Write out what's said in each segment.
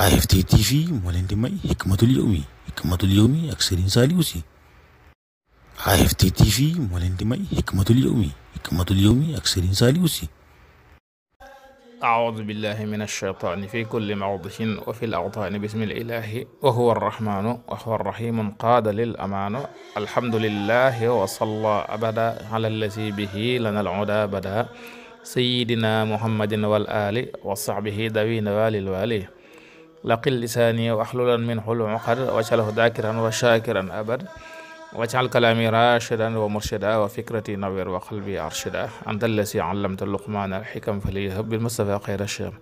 AFT TV moo leen di may Hikmatul Yawmi Hikmatul Yawmi ak Serigne Saliou Sy AFT TV moo leen di may Hikmatul Yawmi Hikmatul Yawmi ak Serigne Saliou Sy أعوذ بالله من الشيطان في كل موضح وفي الأوطان بسم الإله وهو الرحمن وهو الرحيم انقاد للأمان الحمد لله وصلى أبدا على الذي به لنا العدا بدا سيدنا محمد والآل وصحبه ذوي نوال الوالي laqil lisaani waxlulan min xul uqad wacalahu dakiran wa shakiran abad wacal kalaami rashidan wa murshida wa fikrati nawir wa qalbi arshida anta sham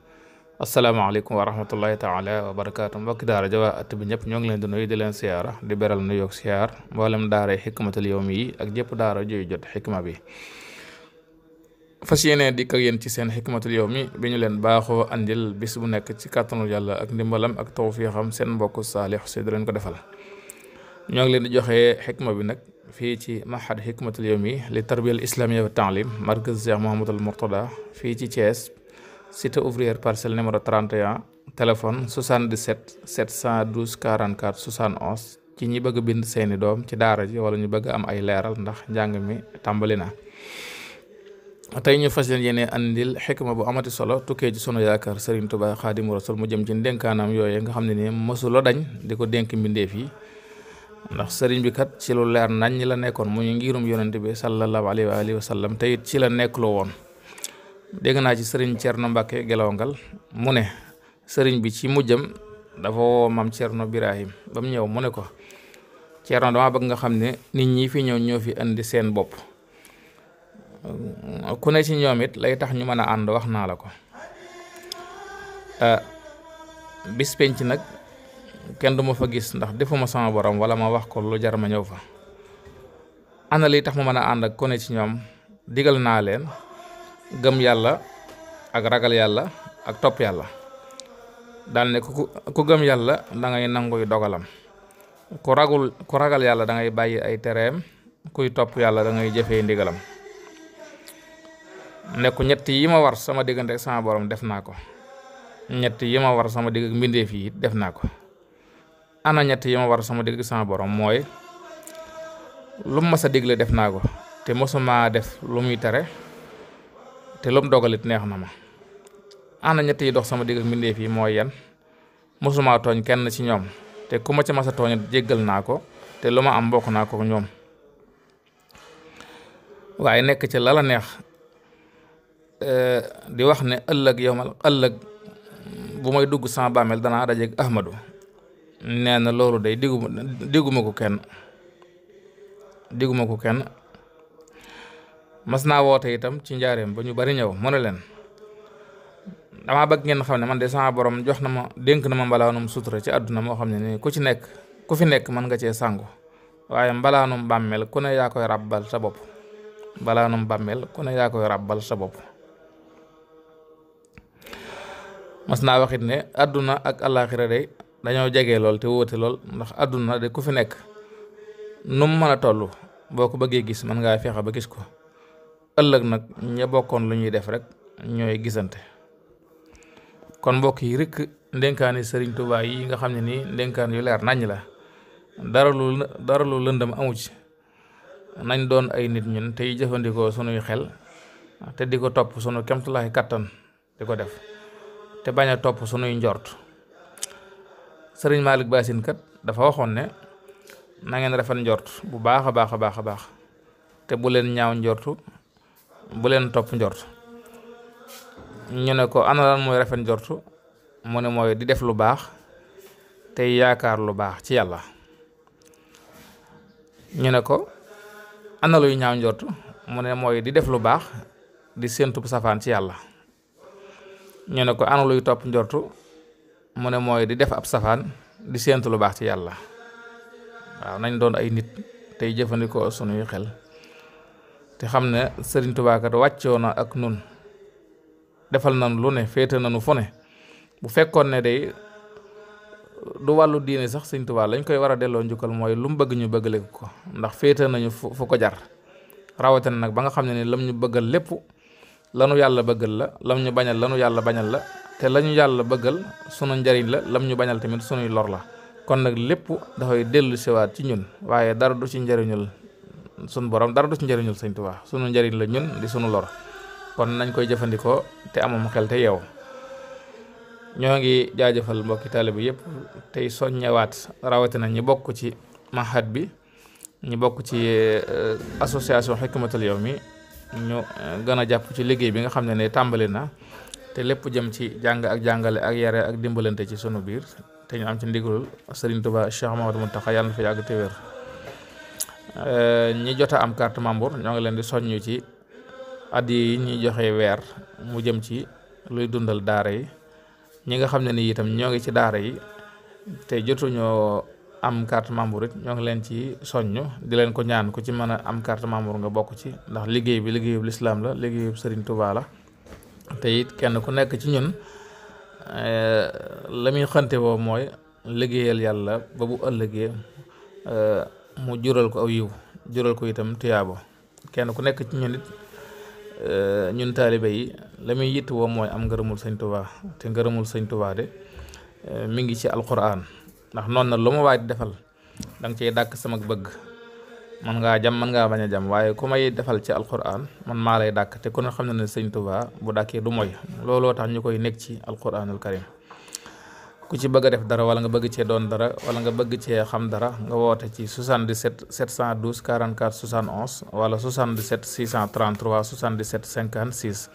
asalaamaaleykum wa rahmatullahi taala wa barakaatu mbokki daara jawa at bi ñëpp ñoo ngi leen di nuyu di leen siyaara di beral nuyoog xikmatul yawmi ak jëpp daara juy xikma bi fas yéene dikk ak yéen ci seen xikmatul yawmi bi ñu leen baaxoo andil bis bu nekk ci kàttanul yàlla ak ndimbalam ak xam seen mbokk saali si di leen ko defal ñoo ngi leen di joxe xikma bi nag fii ci mahad xikmatul yawmi li tarbiyatul islamiyya wa taalim markaz Cheikh Mouhamadul Mourtada fii ci Thiès cité ouvrière parcelle numéro 31 téléphone 77 712 44 71 ci ñi bëgg bind seeni doom ci daara ji wala ñu bëgg am ay leeral ndax njàng mi tàmbali na tey ñu fas yéene andil xikma bu amati solo tukkee ci sono yaakaar Serigne Touba Xaadimu Rasul mu jëm ci ndénkaanaam yooye nga xam ne ni mësula dañ di ko dénk mbindeef yi ndax sëriñ bi kat ci lu leer nañ la nekkoon muy ngirum yonent bi sallallahu alayhi wa alihi sallam te ci la nekk lu woon dégg naa ci sëriñ Thierno Mbacke ngal mu ne sëriñ bi ci mu jëm dafa woo maam Thierno ba mu ñëw mu ne ko Thierno dama bëgg nga xam ne nit ñi fi ñëw ñëw fi indi seen bopp. ku ne ci ñoom it lay tax ñu mën a ànd wax naa la ko ah, bis penc nag kenn du ma fa gis ndax defuma sama borom wala ma wax ko lu jar ma ñëw fa ana li tax ma mën a ànd ak ku ne ci ñoom digal naa leen gëm yàlla ak ragal yàlla ak topp yàlla daal ne ku gëm yàlla da ngay nanguy dogalam ku ragul ku ragal yàlla dangay bàyyi ay tereem kuy topp yàlla dangay ngay ndigalam nekku ñett yi ma war sama diggante ak sama borom def naa ko ñett yi ma war sama digg ak mbindeef yi def naa ko ana ñett yi ma war sama digg ak sama borom mooy lu mu a digle def naa ko te mosuma def lu muy tere te lu mu neex na ma ana ñett yi dox sama digg ak mbindeef yi mooy yan mosuma tooñ kenn ci ñoom te ku ma ci mas a tooñ jéggal naa ko te lu ma am bokk naa ko ñoom waaye nekk ci la la neex Eh, di wax ne ëllëg yowmal ëllëg bu may dugg sama bàmmeel danaa dajeeg Ahmadu nee na loolu de diguma diguma ko kenn diguma ko kenn mas naa woote itam ci njaareem ba ñu bari ñëw mu ne leen damaa bagg ngeen xam ne man de sama borom jox na ma dénk na ma mbalaanum sutura ci àdduna moo xam ne nii ku ci nekk ku fi nekk mën nga cee sàngu waaye mbalaanum mbameel ku ne yaa koy ràbbal sa bopp mbalaanum bàmmeel ku ne yaa koy ràbbal sa bopp mas naa waxit ne àdduna ak àllaaxira day dañoo jege lool te wóote lool ndax àdduna de ku fi nekk nu mu mën a toll boo ko bëggee gis mën ngaa fexe ba gis ko ëllëg nag ña bokkoon lu ñuy def rek ñooy gisante kon mbokk yi rikk ndénkaani sëriñ Tuubaa yi nga xam ne nii ndénkaan yu leer nañ la dara lu dara lu lëndam amu ci nañ doon ay nit ñun tey jëfandikoo sunuy xel te di ko topp sunu kemtulaay kàttan di ko def te bañ a topp sunuy njort sëriñ Malick Bassine kat dafa waxoon ne nangeen ngeen rafet njort bu baax a baax a baax a baax te bu leen ñaaw njortu bu leen topp njort ñu ne ko ana mooy rafet njortu mu ne mooy di def lu baax te yaakaar lu baax ci yàlla ñu ne ko ana luy ñaaw njortu mu ne mooy di def lu baax di séentub safaan ci yàlla ñu ne ko ana topp njortu mu ne mooy di def ab safaan di séentu lu baax ci yàlla waaw nañ doon ay nit tey jëfandikoo sunuy xel te xam ne Sëriñ tubaakat kat na ak nun defal na lu ne féete nanu fu ne bu fekkoon ne day du wàllu diine sax Sëriñ Tuubaa lañ koy war a delloo njukkal mooy lu bëgg ñu bëggale ko ndax féete nañu fu ko jar rawatina nag ba nga xam ne ni lam ñu bëggal lépp lanu yàlla bëggal la lam ñu bañal lanu yàlla bañal la te lañu yàlla bëggal sunu njariñ la lam ñu bañal tamit sunuy lor la kon nag lépp dafay dellu siwaat ci ñun waaye dara du ci njariñul sunu borom dara du ci njariñul Sëñ Tuubaa sunu njariñ la ñun di sunu lor kon nañ koy jëfandikoo te amam xel te yeewu ñoo ngi jaajëfal mbokki taalibe yépp tey soññewaat rawatina ñi bokk ci mahad bi ñi bokk ci eh, association Hikmatul mi ñu euh, gën a jàpp ci liggéey bi nga xam ne ni tàmbali na te lépp jëm ci jàng ak jàngale ak yare ak dimbalante ci sunu biir te ñu am ci ndigalul Serigne Touba Cheikh Mahamadou Mountakha yàlla na fa euh, ñi jot a am carte membre ñoo ngi leen di soññu ci at yi joxe weer mu jëm ci luy dundal daara yi ñi nga xam ne ni itam ñoo ngi ci daara yi te jotuñu am carte membre it ñoo ngi leen ci soññ di leen ko ñaan ko ci mën a am carte membre nga bokk ci ndax liggéey bi liggéeyub lislaam la liggéeyub Sëriñ Tuubaa la te kenn ku nekk ci ñun eh, la muy xante mooy liggéeyal yàlla ba bu ëllëgee eh, mu jural ko aw yiw jural ko itam tuyaabo kenn ku nekk ci ñun it eh, ñun taalibe yi la muy yitt woo mooy am ngërëmul Sëñ Tuubaa te ngërëmul Sëñ Tuubaa de mi ngi ci alquran ndax noonu na lu ma waay defal da nga ciy dàkk sama bëgg mën ngaa jam mën ngaa bañ a jam waaye ku may defal ci alquran man maa lay dàkk te ku ne xam na ne sëñ Tuubaa bu dàkkee du moy looloo tax ñu koy nekk ci alquranul karim ku ci bëgg a def dara wala nga bëgg cee doon dara wala nga bëgg cee xam dara nga woote ci 77 712 44 71 wala 77 633 77 56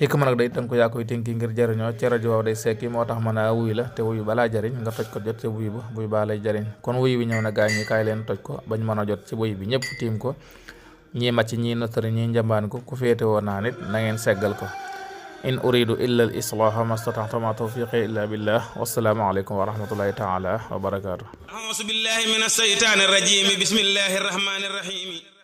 xikma nag day tënku yaa koy tënki ngir jariñoo ci rajo waaw day sekki moo tax mën a ah, wuy la te wuy balaa jariñ nga toj ko jot ci wuy ba buy baa lay jariñ kon wuy bi ñëw na gaañ ñi kaay leen toj ko bañ mën a jot ci wuy bi ñëpp tiim ko ñii màcc ñii notari ñii njambaan ko ku féete woo naa nit na ngeen seggal ko in uridu illa al islaaha mastata'tu ma tawfiqi illa billah wassalaamu aleykum wa rahmatullahi taala wa barakaatu auzu billahi min